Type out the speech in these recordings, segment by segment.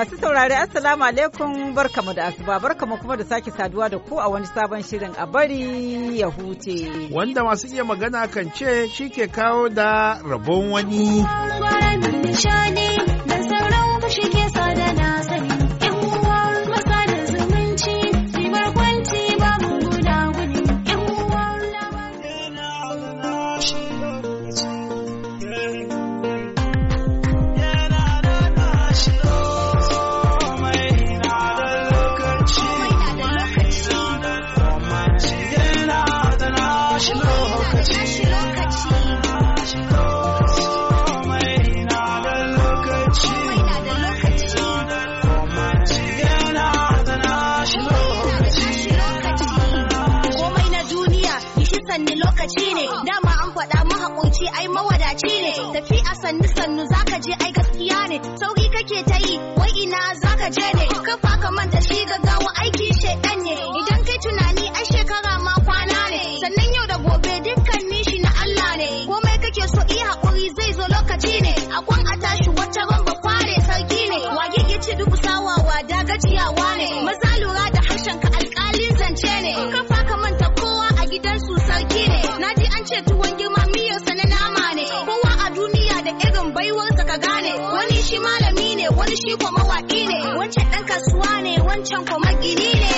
Masu saurari Assalamu alaikum barkamu da asuba barkamu kuma da sake saduwa da ku a wani sabon shirin a bari ya huce. Wanda masu iya magana kan ce shi ke kawo da rabon wani. waje ne kafa ka manta shi gaggawa aiki shaiɗan ne idan kai tunani ai shekara ma kwana ne sannan yau da gobe dukkanin shi na Allah ne komai kake so iya hakuri zai zo lokaci ne akwan a tashi wata ramba kware sarki ne wage ya ce duk sawawa da gajiyawa ne maza lura da harshen ka alƙalin zance ne kafa ka manta kowa a gidan su sarki ne naji an ce tuwon girma miyarsa na nama ne kowa a duniya da irin baiwarsa ka gane wani shi malami ne wani shi kuma mawaƙi ne 枪口卖给你嘞。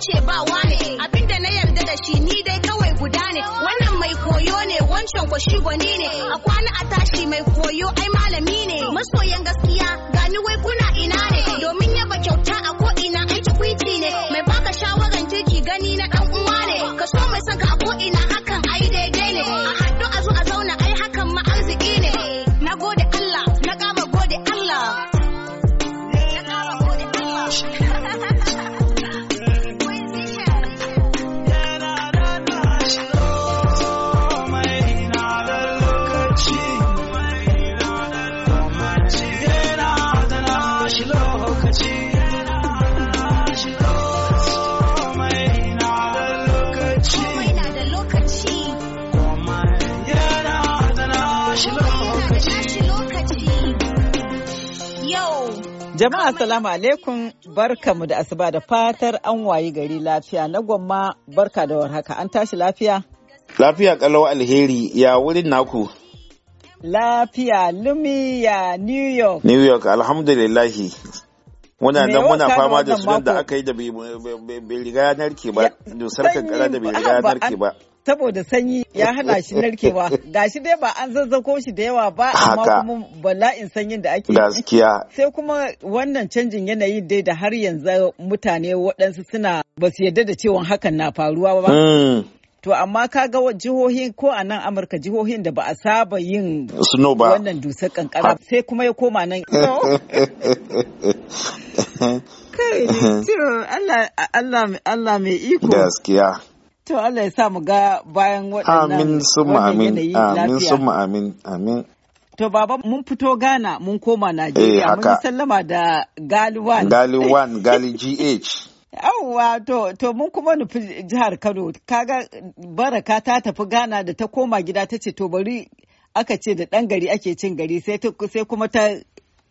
ce ba wane abinda na yarda da shi ni dai kawai guda ne wannan mai koyo ne wancan kwashi gwani ne a kwana a tashi mai koyo ai malami ne masoyan gaskiya Jama'a salamu alaikum barkamu da asuba da fatar an wayi gari lafiya na gwamma barka da warhaka an tashi lafiya? Lafiya kalau alheri ya wurin naku. Lafiya lumi ya New York. New York alhamdulillahi. Muna nan muna fama da sunan da aka yi da bai riga ya narke ba, dusar kankara da bai riga ya narke ba. saboda sanyi ya hana shi narkewa gashi dai ba an zazzako shi da yawa ba amma kuma bala'in sanyin da ake gaskiya sai kuma wannan canjin yanayi dai da har yanzu mutane waɗansu suna ba su yarda da cewa hakan na faruwa ba mm. To amma ka ga jihohin ko a nan Amurka jihohin da ba a saba yin wannan dusar kankara sai kuma ya koma nan. Kai, Allah mai iko. Gaskiya. To Allah ya sa mu ga bayan waɗannan Amin summa amin amin summa amin amin. To baba mun fito Ghana mun koma Najeriya eh, mun sallama da Galiwan. Galiwan Gali GH. Yawwa to to mun kuma nufi jihar Kano kaga baraka ta tafi Ghana da ta koma gida ta ce to bari aka ce da ɗan gari ake cin gari sai kuma ta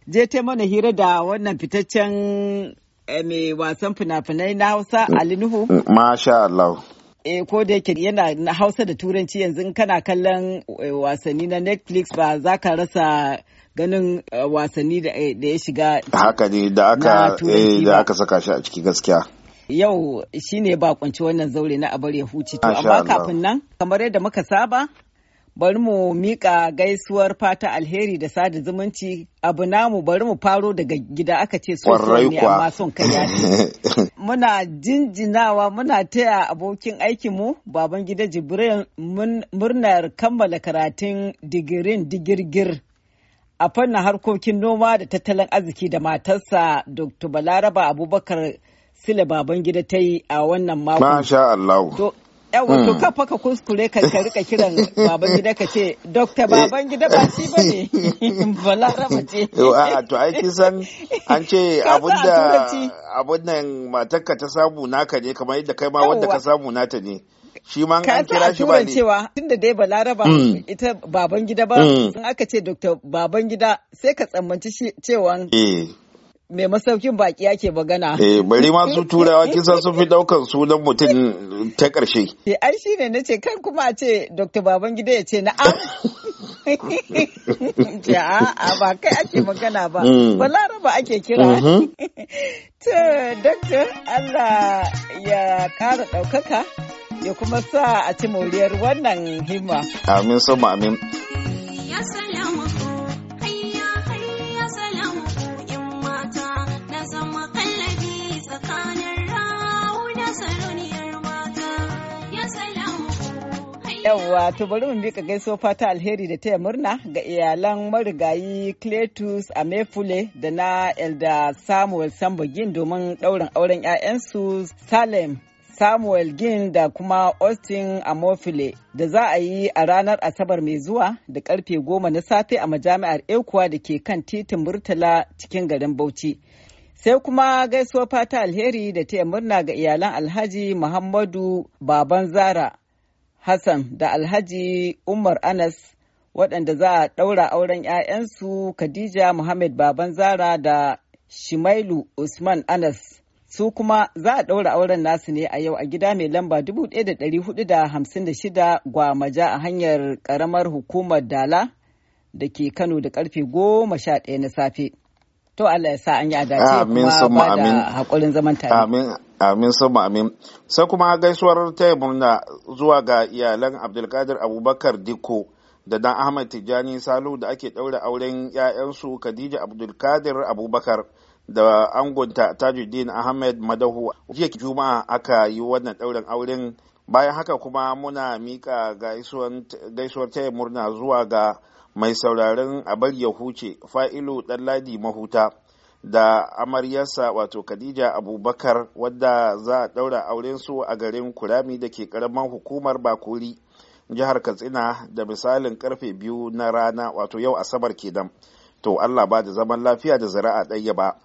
je ta mana hira da wannan fitaccen eh, mai wasan fina-finai na Hausa mm, Alinuhu. Mm, masha Allah. eh ko da yake yana na Hausa da Turanci yanzu kana kallon eh, wasanni na Netflix ba za ka rasa ganin eh, wasanni eh, da ya shiga haka ne da aka da aka saka shi a ciki gaskiya yau shine ba kunci wannan zaure na abar ya huce to amma kafin nan kamar yadda muka saba bari mu mika gaisuwar fata alheri da sada zumunci abu namu bari mu faro daga gida aka ce so ne amma son kai muna jinjinawa muna taya abokin aikinmu baban gida jibril murnar kammala karatun digirin digirgir a fannin harkokin noma da tattalin arziki da matarsa dr balaraba abubakar sila baban gida ta yi a wannan mako. yawa to hmm. kafa ka kuskure ka rika kiran baban gida ka ce dokta eh. baban gida ba shi ba ne balaraba ce a to ai kisan an ce abinda abinnan matarka ta samu naka ne kamar yadda kai ma wanda ka samu nata ne shi ma an kira shi ba ne cewa da dai balaraba hmm. ita baban gida ba hmm. in aka ce dokta baban gida sai ka tsammanci cewa eh. mai masaukin baki ake magana. Eh bari ma su turawa kisa sun fi daukan sunan mutum ta ƙarshe. Eh ai shi ne na ce kan kuma a ce Dr. Babangida ya ce na'am. Ja a ba kai ake magana ba. Mm. Balaraba ake kira. Mm-hmm. To Dr. Allah ya ƙara ɗaukaka ya kuma sa a ci moriyar wannan himma. Amin sama amin. Yawwa, to bari mu mika gaiso fata alheri da taya murna ga iyalan marigayi Cletus Amefule da na Elda Samuel Sambogin domin ɗaurin auren 'ya'yansu Salem Samuel Gin da kuma Austin Amofile da za a yi a ranar Asabar mai zuwa da karfe goma na safe a majami'ar Ekuwa da ke kan titin Murtala cikin garin Bauchi. Sai kuma gaisuwa fata alheri da taya murna ga iyalan Alhaji Muhammadu Baban Zara Hassan da Alhaji Umar Anas waɗanda za a ɗaura auren 'ya'yansu Khadija Muhammad Baban Zara da Shimailu Usman Anas. Su kuma za a ɗaura auren nasu ne a yau a gida mai lamba 1456 Gwamaja a hanyar ƙaramar hukumar Dala da ke Kano da ƙarfe 11 na safe. To Allah ya sa an yi a dace kuma ba da haƙurin zaman tare. amin amin sai kuma gaisuwar taya murna zuwa ga iyalan abdulkadir abubakar diko da dan ahmad tijjani salu da ake ɗaura auren 'ya'yansu khadija abdulkadir abubakar da angonta tajuddin ahmed madahu jiya juma'a aka yi wannan ɗaurin auren bayan haka kuma muna mika gaisuwar taya murna zuwa ga mai sauraron abar ya huce fa'ilu ɗanladi mahuta da amaryarsa wato Khadija Abubakar wadda za a ɗaura su a garin Kurami da ke ƙaramin hukumar Bakuri jihar Katsina da misalin karfe biyu na rana wato yau Asabar kenan. To Allah ba da zaman lafiya da zara'a ɗaya ba.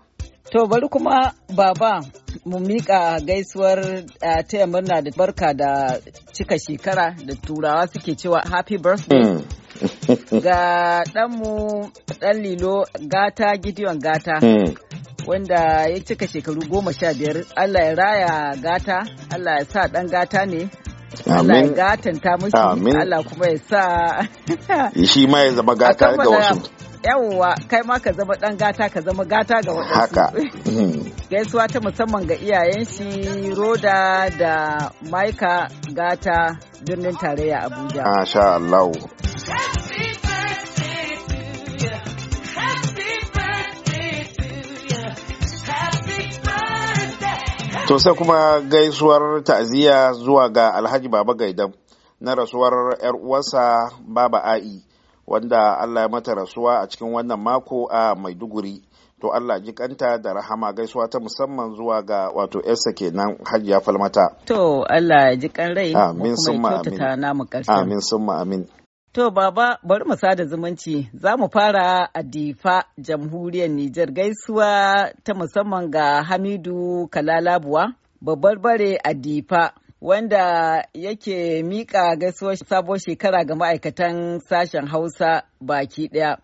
To bari kuma baba mu miƙa gaisuwar taya murna da barka da cika shekara da turawa suke cewa happy birthday. Hmm. ga ɗanmu ɗan lilo gata gideon gata hmm. wanda ya cika shekaru goma sha biyar allah ya raya gata allah ya sa ɗan gata ne Allah ya gatanta mushi Allah kuma ya sa shi ma ya zama gata ga wasu yawwa kai ma ka zama dan gata ka zama gata ga wasu haka hmm. gaisuwa ta musamman ga iyayen shi roda da maika gata birnin tarayya abuja Allah To sai kuma gaisuwar ta'aziyya zuwa ga Alhaji Baba Gaidan, na rasuwar 'yar uwarsa Baba A'i wanda Allah ya mata rasuwa a cikin wannan mako a Maiduguri. To Allah ji kanta da rahama gaisuwa ta musamman zuwa ga wato 'yarsa kenan Hajiya Falmata. To Allah kan rai. Amin sun amin. Amin amin. To baba bari mu sada zumunci za mu fara a difa jamhuriyar Nijar gaisuwa ta musamman ga Hamidu Kalalabuwa babbar bare a difa wanda yake mika gaisuwar sabuwar shekara ga ma'aikatan sashen Hausa baki ɗaya.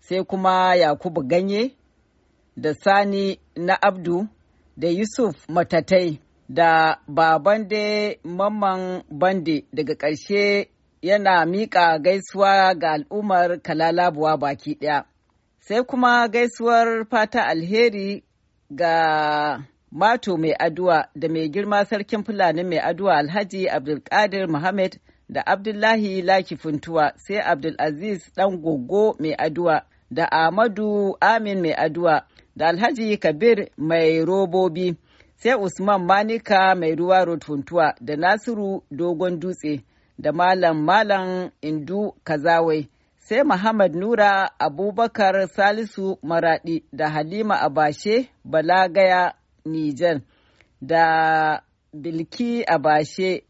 Sai kuma Yakubu Ganye da Sani na Abdu da Yusuf Matatai da baban da mamman bande daga ƙarshe yana miƙa gaisuwa ga al'ummar kalalabuwa baki ɗaya. Sai kuma gaisuwar fata alheri ga mato mai aduwa da mai girma sarkin fulani mai aduwa alhaji abdulkadir muhammad da abdullahi laki funtuwa sai abdulaziz ɗan gogo mai aduwa da ahmadu amin mai aduwa da alhaji kabir mai robobi sai usman manika mai ruwa funtuwa da nasiru dogon dutse da Malam Malam Indu Kazawai, sai Muhammad Nura Abubakar Salisu Maradi da Halima Abashe Balagaya Nijar da Bilki Abashe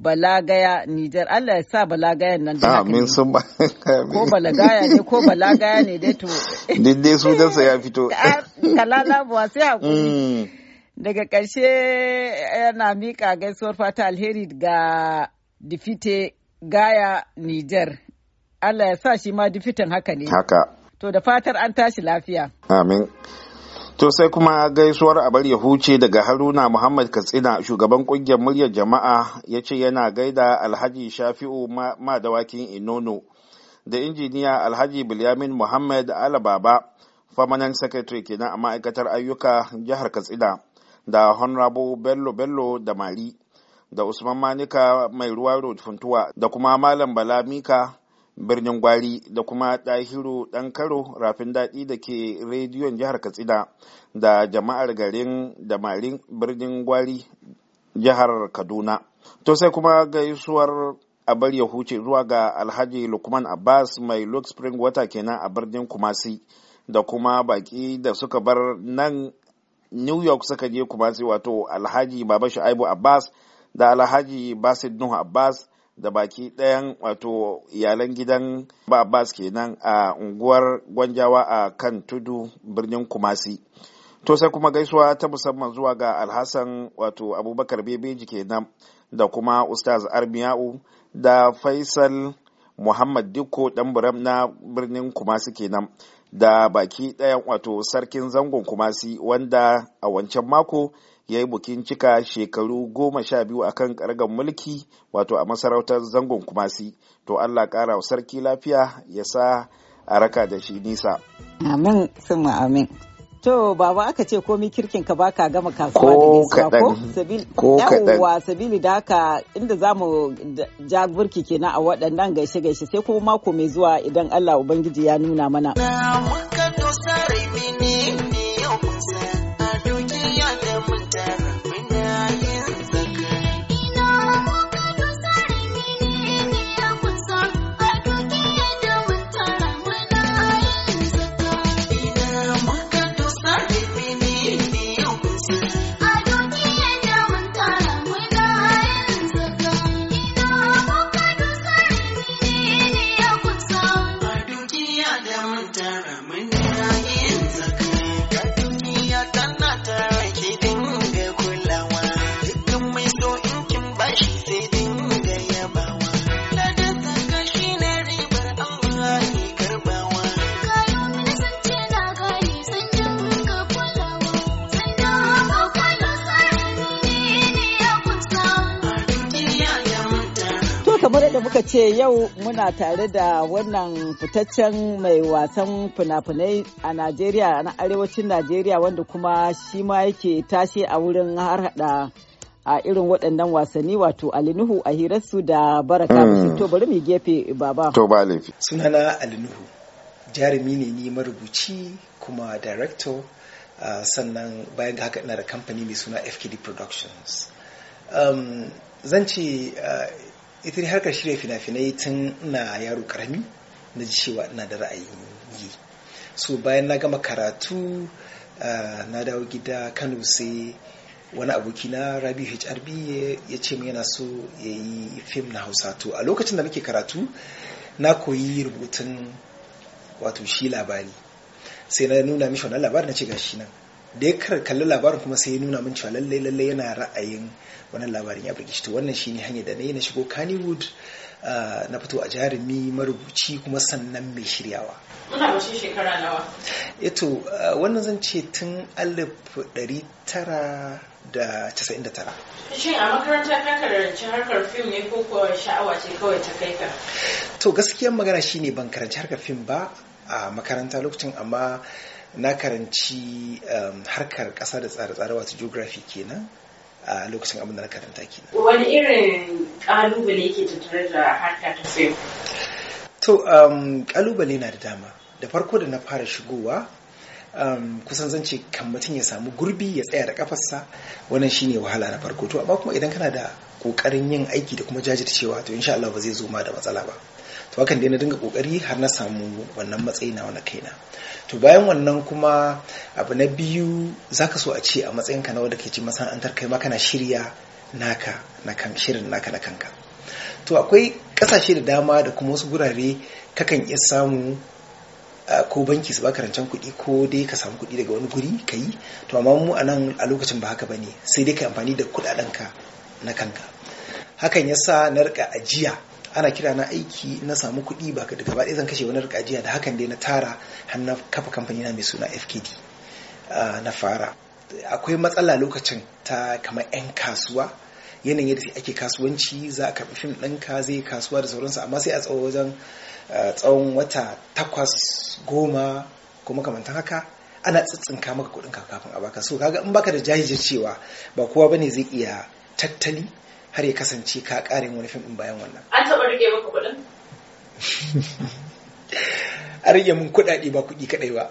Balagaya Nijar. Allah ya sa balagayan nan da Amin ah, sun ba. Ko balagaya ne ko balagaya ne dai to. Dindin su ya fito. Ah, Kalala buwa sai hakuri. Mm. daga ƙarshe yana eh, miƙa gaisuwar fata alheri ga difite gaya Niger. Allah ya sa shi ma difitan haka ne. Haka. To da fatar an tashi lafiya. Amin. To sai kuma gaisuwar abar ya huce daga Haruna Muhammad Katsina shugaban kungiyar muryar jama'a ya ce yana gaida Alhaji Shafi'u Madawakin Inono da injiniya Alhaji Bilyamin Muhammad Alababa permanent secretary kenan a ma'aikatar ayyuka jihar Katsina da Honorable Bello Bello da Mali. da Usman Manika mai ruwa road funtuwa da kuma Malam Bala Mika birnin gwari da kuma ɗahiru ɗan karo rafin daɗi da ke rediyon jihar katsina da jama'ar garin damarin birnin gwari jihar kaduna to sai kuma gaisuwar abar ya huce zuwa ga alhaji lukman abbas mai luke spring water kenan a birnin kumasi da kuma baki da suka bar nan new york suka je kumasi wato alhaji baba shu'aibu abbas da alhaji basid nuhu abbas da baki ɗayan wato iyalan gidan ba abbas kenan a unguwar gwanjawa a kan tudu birnin kumasi to sai kuma gaisuwa ta musamman zuwa ga alhassan wato abubakar bebeji kenan da kuma ustaz armiyau da faisal muhammad dikko dan buram na birnin kumasi kenan da baki ɗayan wato sarkin zangon kumasi wanda a wancan mako ya yi bukin cika shekaru goma sha biyu a kan kargan mulki wato a masarautar zangon kumasi to allah kara sarki lafiya ya sa a raka da shi nisa amin sun amin To baba aka ce komi kirkin ka baka gama kasuwa da gaisuwa ko sabili yawwa sabili da haka inda za mu ja burki kenan a waɗannan gaishe gaishe sai kuma mako mai zuwa idan Allah Ubangiji ya nuna mana. aka ce yau muna tare da wannan fitaccen mai wasan fina-finai a Najeriya na arewacin Najeriya wanda kuma shi ma yake tashe a wurin harhaɗa a irin waɗannan wasanni wato Alinuhu a hirarsu da Baraka hmm. to bari mu gefe baba. To ba laifi. Sunana Alinuhu jarumi ne ni marubuci kuma director sannan bayan haka ina da kamfani mai suna FKD Productions. Um, zan ce ita ne harkar shirya fina-finai tun na yaro karami na ji cewa na da ra'ayin yi so bayan na gama karatu ah, na dawo gida kano sai wani aboki na rabi hrb ya ce min yana so ya yi fim na hausa to a lokacin da nake karatu na koyi rubutun wato shi labari sai na nuna mishi wannan labarin na ce gashi nan da ya kalli labarin kuma sai ya nuna min cewa lallai lallai yana ra'ayin wannan labarin ya burge shi to wannan shine hanyar da na yi na shigo Kannywood ah, na fito a jarumi marubuci kuma sannan mai shiryawa. Muna da shekara nawa? Eto eh ah, wannan zan ce tun alif ɗari tara da casa'in da tara. Shin a makaranta ka karanci harkar fim ne ko kuwa sha'awa ce kawai ta kai ka? To gaskiyar magana shine ban karanci harkar fim ba a makaranta lokacin amma na karanci um, harkar ƙasa da tsare-tsare wata geography kenan a lokacin abin da na karanta kenan. Wani irin ƙalubale ke tattare da harka ta sayo? To, um, ƙalubale na da dama. Da farko da na fara shigowa, um, kusan zan kan mutum ya samu gurbi ya tsaya da kafarsa wannan shine wahala na farko to amma kuma idan kana da kokarin yin aiki da kuma jajircewa to insha Allah ba zai zo ma da matsala ba to hakan dai na dinga kokari har na samu wannan matsayi na wani kaina to bayan wannan kuma abu na biyu zaka so a ce a matsayinka na wanda ke ci masana'antar kai ma kana shirya naka na kan shirin naka na kanka to akwai kasashe da dama da kuma wasu gurare kakan iya samu ah, ko banki su baka rancen kuɗi ko dai ka samu kuɗi daga wani guri ka yi to amma mu a nan a lokacin ba haka bane sai dai ka amfani da kuɗaɗen ka na kanka hakan yasa na rika ajiya ana kira na aiki na samu kuɗi ba ka gaba ɗaya zan kashe wani rikajiya da hakan dai na tara har kafa kamfani na mai suna FKD na fara akwai matsala lokacin ta kamar 'yan kasuwa yanayin yadda ake kasuwanci za a karɓi fim ɗinka zai kasuwa da sauransu amma sai a tsawo wajen tsawon wata takwas goma ko makamantan haka ana tsitsinka maka kuɗin kafin a baka so kaga in baka da cewa ba kowa ba ne zai iya tattali har ya kasance ka ƙare wani fim ɗin bayan wannan an taɓa rike maka kuɗin a rike mun kuɗaɗe ba kuɗi kaɗai ba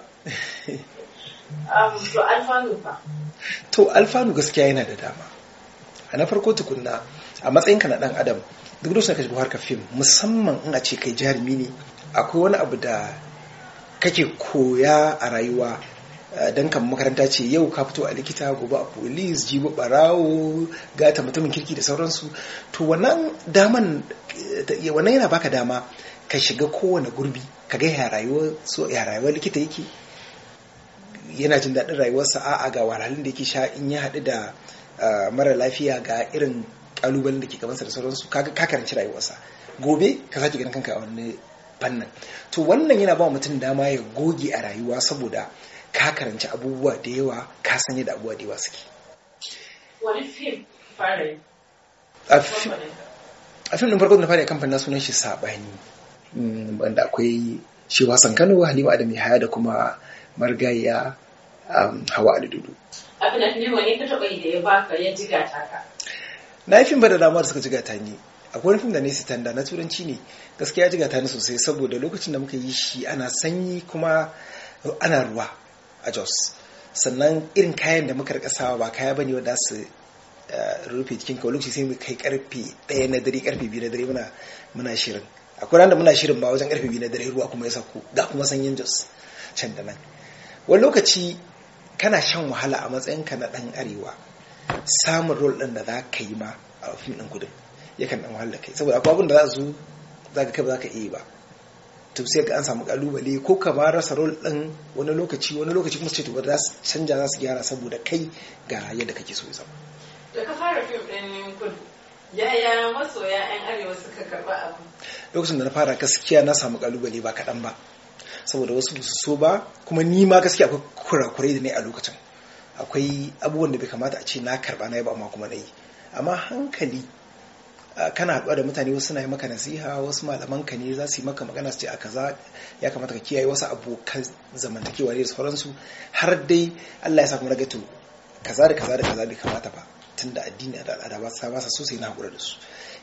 um, to alfanu fa to alfanu gaskiya yana da dama a na farko tukunna a matsayin ka na ɗan adam duk lokacin da ka shiga harkar fim musamman in a ce kai jarumi ne akwai wani abu da kake koya a rayuwa dan kan makaranta ce yau ka fito a likita gobe a police jibo barawo gata mutumin kirki da sauransu to wannan daman eh, wannan yana baka dama ka shiga kowane gurbi ka ga ya rayuwar so ya rayuwar likita yake yana jin daɗin rayuwarsa a'a ga wahalhalun da yake sha in ya haɗu da eh, mara lafiya ga irin kalubalen da ke gabansa da sauransu ka karanci rayuwarsa gobe ka sake ganin kanka a wani fannin to wannan yana ba mutum dama ya goge a rayuwa saboda ka karanci abubuwa da yawa ka sanya da abubuwa da yawa suke a fim din farko da ya fara kamfanin sunan shi sabani mm, wanda akwai shi wasan kano halima adam haya da kuma margayya um, hawa alidudu abin da wani da ya baka ya jiga na yi fim da dama suka jiga ta ni akwai fim da ne tanda na turanci ne gaskiya jiga ta ni sosai saboda lokacin da muka yi shi ana sanyi kuma ana ruwa a jos sannan irin kayan da muka rika sawa ba kaya bane wanda su eh, rufe cikin kawo lokaci sai mu kai karfe ɗaya na dare karfe biyu na dare muna shirin akwai ran da muna shirin ba wajen karfe biyu na dare ruwa kuma ya sauko ga kuma sanyin jos can da nan wani lokaci kana shan wahala a matsayinka na ɗan arewa samun rol ɗin da za ka yi ma a fim ɗin kudin yakan ɗan wahala kai saboda akwai abin da za zo za ka kai ba za ka iya ba to sai ga an samu kalubale ko ka ba rasa rol din wani lokaci wani lokaci kuma ce to za su canja za su gyara saboda kai ga yadda kake so ya zama da ka fara fim din kudu yaya masoya yan arewa suka karba abu lokacin da na fara gaskiya na samu kalubale ba kaɗan ba saboda wasu su so ba kuma ni ma gaskiya akwai kurakurai da ne a lokacin akwai abubuwan da bai kamata a ce na karba na yi ba amma kuma na yi amma hankali Ah, kana haɗuwa da mutane wasu suna yi maka nasiha wasu malaman ka ne za su yi maka magana su ce a kaza ya kamata ka kiyaye wasu abokan zamantakewa ne da sauransu har dai Allah ya sa kuma to kaza da kaza da kaza bai kamata ba tunda addini da al'ada ba sa ba sa na haƙura da su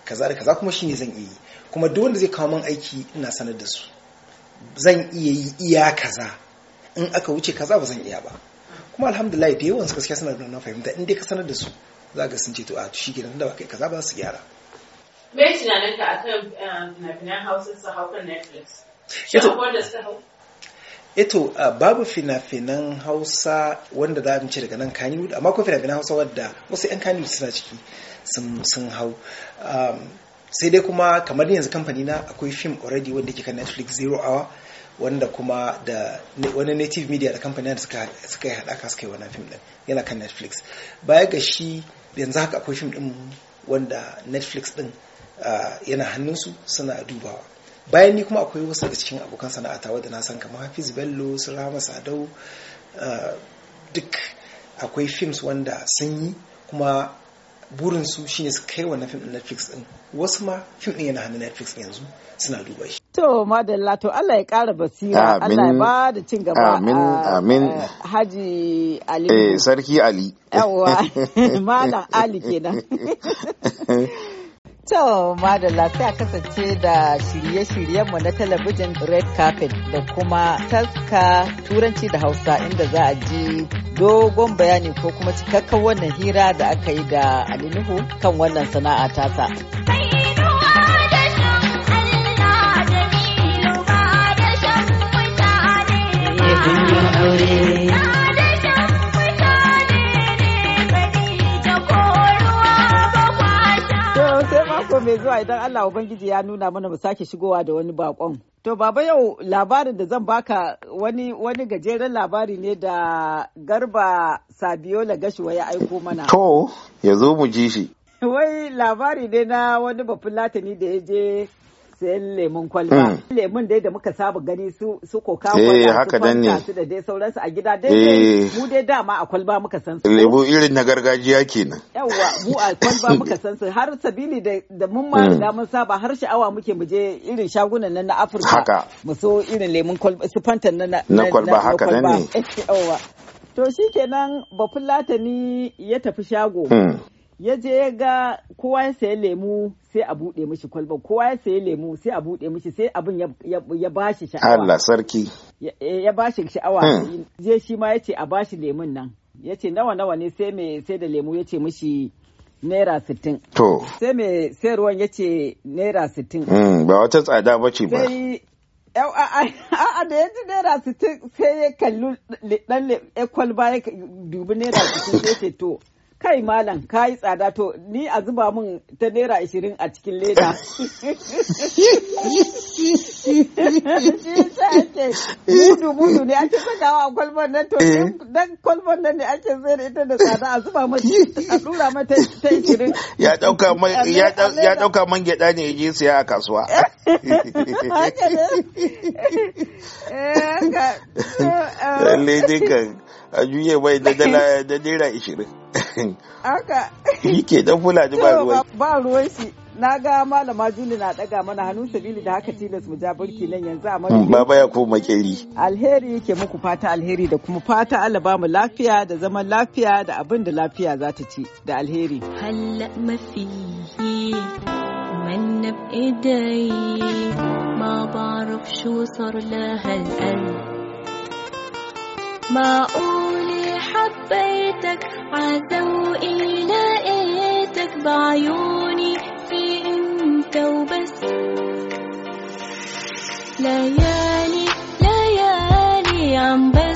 kaza da kaza kuma shine zan iya yi kuma duk wanda zai kawo min aiki ina sanar da su zan iya yi iya kaza in aka wuce kaza ba zan iya ba kuma alhamdulillah da yawan su gaskiya suna da na fahimta in dai ka sanar da su za ga sun ce to a shi gidan da ba kai kaza ba su gyara Me a kan fina Hausa su hau Netflix? Eto, eh eh babu fina-finan Hausa wanda za a ce daga nan Kannywood, amma ko fina-finan Hausa wadda wasu 'yan Kannywood suna ciki sun hau. Um, sai dai kuma kamar yanzu kamfani na akwai fim already wanda ke kan Netflix Zero Hour wanda kuma da wani native media da kamfani da suka yi haɗaka suka yi wani fim ɗin yana kan Netflix. Baya ga shi yanzu haka akwai fim ɗin wanda Netflix ɗin yana hannunsu suna dubawa bayan ni kuma akwai wasu daga cikin abokan sana'ata wadda na san kamar hafiz bello su rama sadau duk akwai films wanda sun yi kuma burinsu shine su kai wannan film Netflix din wasu ma film din yana hannun Netflix yanzu suna duba shi to madalla to Allah ya kara basira Allah ya ba da cin gaba amin amin Haji Ali eh sarki Ali yawa malam Ali kenan To, madalla sai a kasance da shirye-shiryenmu na talabijin Red Carpet da kuma taska Turanci da Hausa inda za a ji dogon bayani ko kuma cikakken wannan hira da aka yi da Alinuhu kan wannan sana'a tasa. Eh, aure To mai zuwa idan Allah Ubangiji ya nuna mana mu sake shigowa da wani bakon. To baba yau labarin da zan baka wani wani gajeren labari ne da garba Sabiola Gashuwa ya aiko mana. To, ya zo mu ji shi. Wai labari ne na wani bafin bafulatani da ya je sayan lemun kwalba hmm. lemun dai da muka saba gani su su koka wanda eh, su da dai sauransu a gida dai eh. mu dai dama a kwalba muka san su Lebu irin na gargajiya kenan yawa mu a kwalba muka san su har sabili da mun ma da hmm. mun saba har sha'awa muke mu je irin shagunan nan na Afirka mu so irin lemun kwalba su fantan na na kwalba haka dan ne yawa to shikenan bafin latani ya tafi shago hmm. ya je ya ga kowa ya sayi lemu sai a buɗe mishi kwalba kowa ya sayi lemu sai a buɗe mishi sai abin ya bashi sha'awa Allah sarki ya bashi sha'awa hmm. je shi ma yace a bashi lemun nan yace nawa nawa ne sai mai sai da lemu yace mishi naira sittin. To. Sai mai ruwan ya ce naira sittin. Hmm, ba wata tsada ba ce ba. Sai a'a da ya ji naira sittin sai ya kalli ɗan kwalba ya dubi naira sittin sai ce to kai malam ka yi tsada to ni a zuba min ta naira ashirin a cikin leda mudu mudu ne ake sakawa a kwalban nan to eh. dan kwalban nan ne ake zai da ita da tsada a zuba mata a dura mata ta ashirin ya dauka man ya gyada ne ya je siya a kasuwa eh, lalle kan a juye mai da dala da naira ashirin haka yi ke dan fulaji ba ruwan ba ruwan shi na ga malama juli na ɗaga mana hannun sabili da haka tilas mu ja burki nan yanzu a mana mm, baba ya ko makeri alheri yake muku fata alheri da kuma fata Allah ba mu lafiya da zaman lafiya da abin da lafiya za ta ci da alheri halla mafi من بإيدي ما بعرف شو صار حبيتك عدو لقيتك بعيوني في أنت وبس ليالي ليالي عم بس